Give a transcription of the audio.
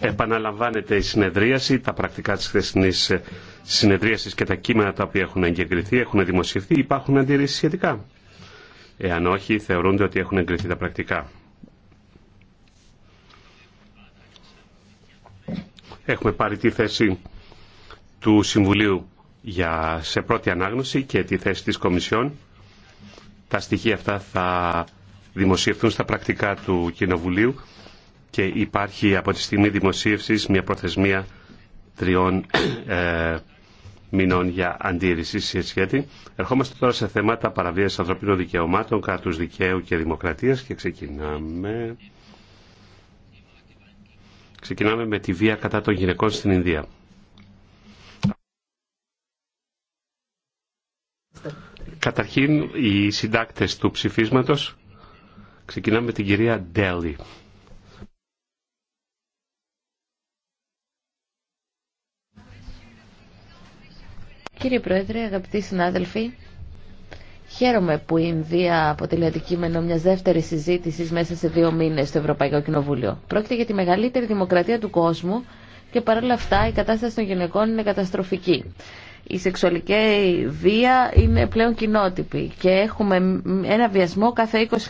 Επαναλαμβάνεται η συνεδρίαση, τα πρακτικά της χθεσινής ε, συνεδρίασης και τα κείμενα τα οποία έχουν εγκεκριθεί, έχουν δημοσιευθεί, υπάρχουν αντιρρήσεις σχετικά. Εάν όχι, θεωρούνται ότι έχουν εγκριθεί τα πρακτικά. Έχουμε πάρει τη θέση του Συμβουλίου για, σε πρώτη ανάγνωση και τη θέση της Κομισιόν. Τα στοιχεία αυτά θα δημοσιευθούν στα πρακτικά του Κοινοβουλίου και υπάρχει από τη στιγμή δημοσίευσης μια προθεσμία τριών ε, μηνών για αντίρρηση σε σχέτη. Ερχόμαστε τώρα σε θέματα παραβίαση ανθρωπίνων δικαιωμάτων, κράτους δικαίου και δημοκρατίας και ξεκινάμε... Ξεκινάμε με τη βία κατά των γυναικών στην Ινδία. Καταρχήν, οι συντάκτες του ψηφίσματος. Ξεκινάμε με την κυρία Ντέλη. Κύριε Πρόεδρε, αγαπητοί συνάδελφοι, χαίρομαι που η Ινδία αποτελεί αντικείμενο μια δεύτερη συζήτηση μέσα σε δύο μήνε στο Ευρωπαϊκό Κοινοβούλιο. Πρόκειται για τη μεγαλύτερη δημοκρατία του κόσμου και παρόλα αυτά η κατάσταση των γυναικών είναι καταστροφική η σεξουαλική βία είναι πλέον κοινότυπη και έχουμε ένα βιασμό κάθε 20